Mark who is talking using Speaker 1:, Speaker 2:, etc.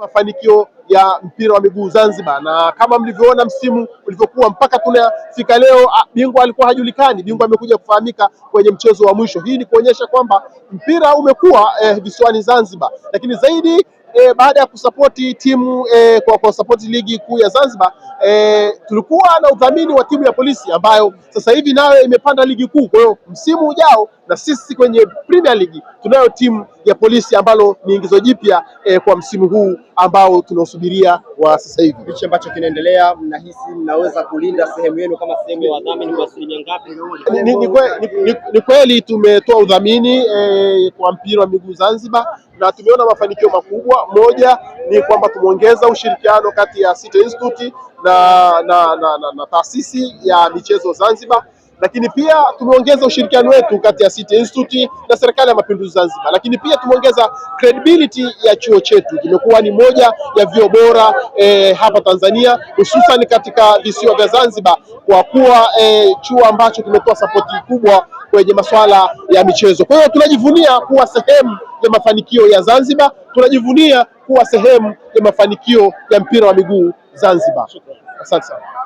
Speaker 1: mafanikio ya mpira wa miguu Zanzibar, na kama mlivyoona msimu ulivyokuwa mpaka tunafika leo, ah, bingwa alikuwa hajulikani, bingwa amekuja kufahamika kwenye mchezo wa mwisho. Hii ni kuonyesha kwamba mpira umekuwa eh, visiwani Zanzibar, lakini zaidi E, baada ya kusapoti timu e, kwa, kwa sapoti ligi kuu ya Zanzibar e, tulikuwa na udhamini wa timu ya polisi ambayo sasa hivi nayo imepanda ligi kuu. Kwa hiyo msimu ujao na sisi kwenye Premier League tunayo timu ya polisi ambalo ni ingizo jipya eh, kwa msimu huu ambao tunaosubiria wa sasa hivi.
Speaker 2: Hichi ambacho kinaendelea, mnahisi mnaweza kulinda sehemu yenu kama sehemu ya wadhamini kwa asilimia ngapi?
Speaker 1: Ni kweli tumetoa udhamini eh, kwa mpira wa miguu Zanzibar na tumeona mafanikio makubwa. Moja ni kwamba tumeongeza ushirikiano kati ya City Institute na, na, na, na, na taasisi ya michezo Zanzibar lakini pia tumeongeza ushirikiano wetu kati ya City Institute na serikali ya mapinduzi Zanzibar, lakini pia tumeongeza credibility ya chuo chetu, kimekuwa ni moja ya vyuo bora e, hapa Tanzania hususan katika visiwa vya Zanzibar kwa kuwa e, chuo ambacho kimetoa sapoti kubwa kwenye masuala ya michezo. Kwa hiyo tunajivunia kuwa sehemu ya mafanikio ya Zanzibar, tunajivunia kuwa sehemu ya mafanikio ya mpira wa miguu Zanzibar. Asante sana.